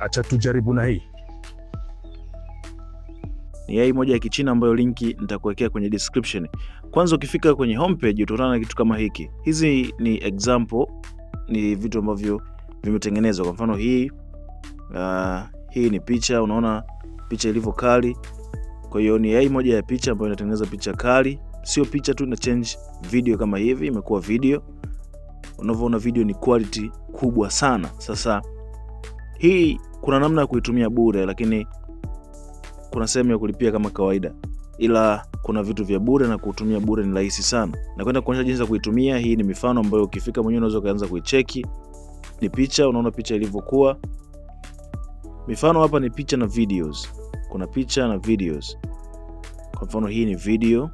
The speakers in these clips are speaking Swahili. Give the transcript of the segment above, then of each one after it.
acha tujaribu na hii ni AI moja ya Kichina ambayo linki nitakuwekea kwenye description. Kwanza ukifika kwenye homepage utaona kitu kama hiki. Hizi ni example, ni vitu ambavyo vimetengenezwa. Kwa mfano hii uh, hii ni picha, unaona picha ilivyo kali. Kwa hiyo ni AI moja ya picha ambayo inatengeneza picha kali, sio picha tu, ina change video kama hivi, imekuwa video. Unavyoona video ni quality kubwa sana. Sasa hii kuna namna ya kuitumia bure, lakini kuna sehemu ya kulipia kama kawaida, ila kuna vitu vya bure na kutumia bure ni rahisi sana. Nakwenda kuonyesha jinsi ya kuitumia. Hii ni mifano ambayo ukifika mwenyewe unaweza ukaanza kuicheki. Ni picha, unaona picha ilivyokuwa. Mifano hapa ni picha na videos, kuna picha na videos. Kwa mfano hii ni video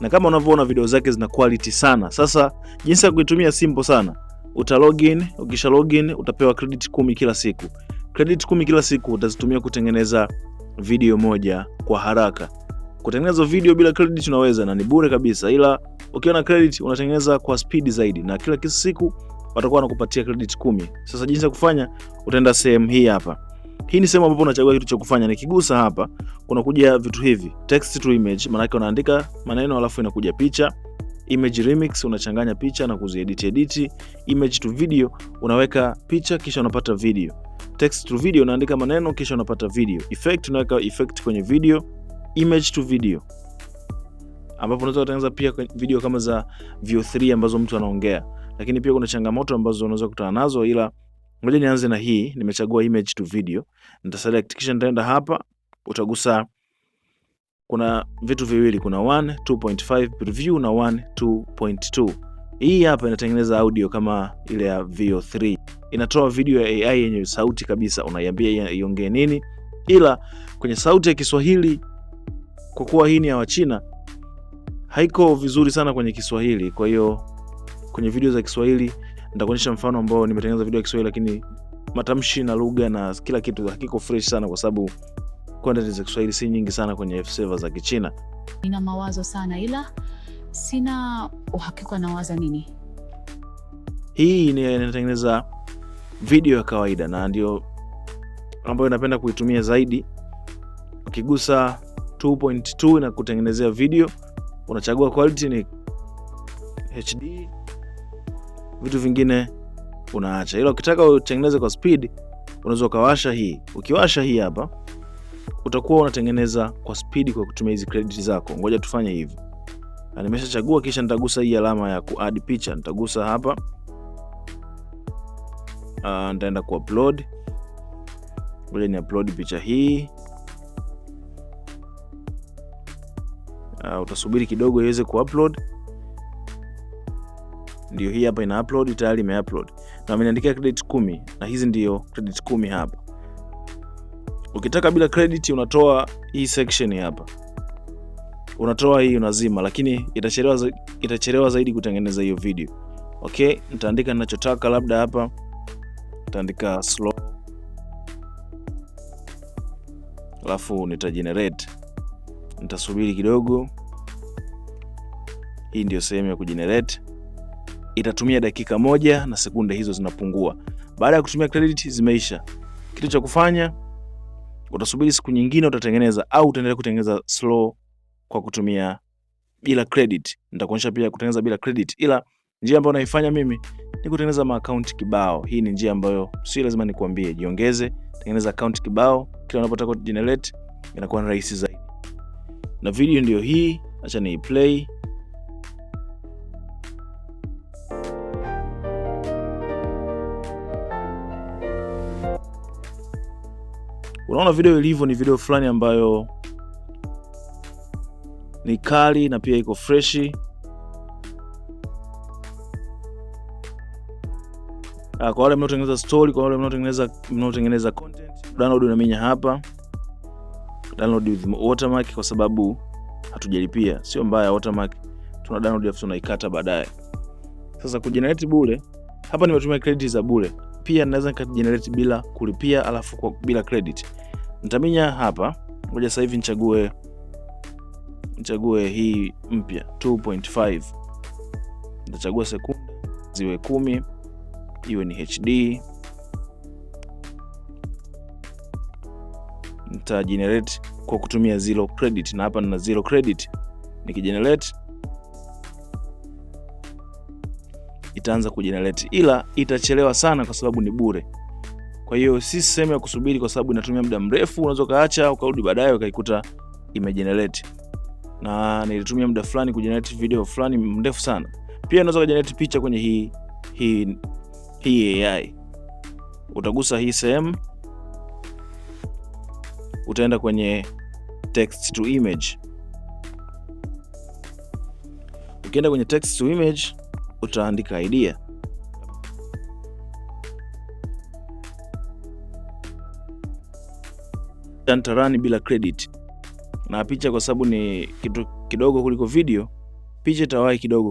na kama unavyoona video zake zina quality sana. Sasa jinsi ya kuitumia simple sana, uta login. Ukisha login utapewa credit kumi kila siku. Credit kumi kila siku utazitumia kutengeneza video moja kwa haraka. Kutengeneza video bila credit unaweza na ni bure kabisa, ila ukiwa na credit unatengeneza kwa speed zaidi, na kila siku watakuwa wanakupatia credit kumi. Sasa jinsi ya kufanya, utaenda sehemu hii hapa hii ni sehemu ambapo unachagua kitu cha kufanya. Nikigusa hapa, kuna kuja vitu hivi text to image, maana yake unaandika maneno alafu inakuja picha image remix, unachanganya picha na kuziedit edit. Image to video, unaweka picha kisha unapata video. Text to video, unaandika maneno kisha unapata video. Effect, unaweka effect kwenye video. Image to video, ambapo unaweza kutengeneza pia video kama za VO3 ambazo mtu anaongea, lakini pia kuna changamoto ambazo unaweza kutana nazo ila Ngoja nianze na hii, nimechagua image to video. Nitaselect kisha nitaenda hapa, utagusa kuna vitu viwili, kuna 1 2.5 preview na 1 2.2. Hii hapa inatengeneza audio kama ile ya VO3, inatoa video ya AI yenye sauti kabisa, unaiambia iongee nini, ila kwenye sauti ya Kiswahili, kwa kuwa hii ni ya Wachina, haiko vizuri sana kwenye Kiswahili. Kwa hiyo kwenye video za Kiswahili nitakuonyesha mfano ambao nimetengeneza video ya Kiswahili lakini matamshi na lugha na kila kitu hakiko fresh sana, kwa sababu content za Kiswahili si nyingi sana kwenye server za Kichina. Nina mawazo sana, ila sina uhakika nawaza nini. Hii inatengeneza video ya kawaida na ndio ambayo napenda kuitumia zaidi. Ukigusa 2.2 na kutengenezea video, unachagua quality ni HD vitu vingine unaacha, ila ukitaka utengeneze kwa speed unaweza ukawasha hii. Ukiwasha hii hapa, utakuwa unatengeneza kwa speed kwa kutumia hizi credit zako. Ngoja tufanye hivi, nimeshachagua kisha nitagusa hii alama ya ku add picha, nitagusa hapa uh, nitaenda ku upload. Ngoja ni upload picha hii uh, utasubiri kidogo iweze ku upload ndio hii hapa ina upload tayari ime upload na ameniandikia credit kumi na hizi ndio credit kumi hapa. Ukitaka bila credit unatoa hii section hapa, unatoa hii unazima, lakini itachelewa itachelewa zaidi kutengeneza hiyo video. Okay, nitaandika ninachotaka, labda hapa nitaandika slow, alafu generate, nitasubiri kidogo. Hii ndio sehemu ya kujenerate itatumia dakika moja na sekunde hizo zinapungua. Baada ya kutumia credit zimeisha, kitu cha kufanya utasubiri siku nyingine utatengeneza, au utaendelea kutengeneza slow kwa kutumia bila credit. Nitakuonyesha pia kutengeneza bila credit, ila njia ambayo naifanya mimi ni kutengeneza maakaunti kibao. Hii ni njia ambayo si lazima nikuambie, jiongeze, tengeneza account kibao, kila unapotaka generate inakuwa rahisi zaidi. Na video ndio hii, acha ni play. unaona video ilivyo ni video fulani ambayo ni kali na pia iko freshi. Ah, kwa wale mnaotengeneza story, kwa wale mnaotengeneza mnaotengeneza content, download unaminya hapa, download with watermark, kwa sababu hatujalipia. Sio mbaya watermark, tuna download afu tunaikata baadaye. Sasa kujenerate bure hapa, nimetumia credit za bure pia naweza nikajenerate bila kulipia, alafu kwa bila credit. Nitaminya hapa, ngoja sasa hivi nichague nichague hii mpya 2.5, nitachagua sekunde ziwe kumi, iwe ni HD, generate kwa kutumia zero credit, na hapa nina zero credit nikigenerate itaanza kujenerate, ila itachelewa sana kwa sababu ni bure. Kwa hiyo si sehemu ya kusubiri, kwa sababu inatumia muda mrefu. Unaweza ukaacha ukarudi baadaye ukaikuta imejenerate, na nilitumia muda fulani kujenerate video fulani mrefu sana. Pia unaweza kujenerate picha kwenye hii hii hii AI. Utagusa hii sehemu, utaenda kwenye text to image. Ukienda kwenye text to image utaandika idea. Tantarani bila credit na picha, kwa sababu ni kitu kidogo kuliko video, picha itawahi kidogo.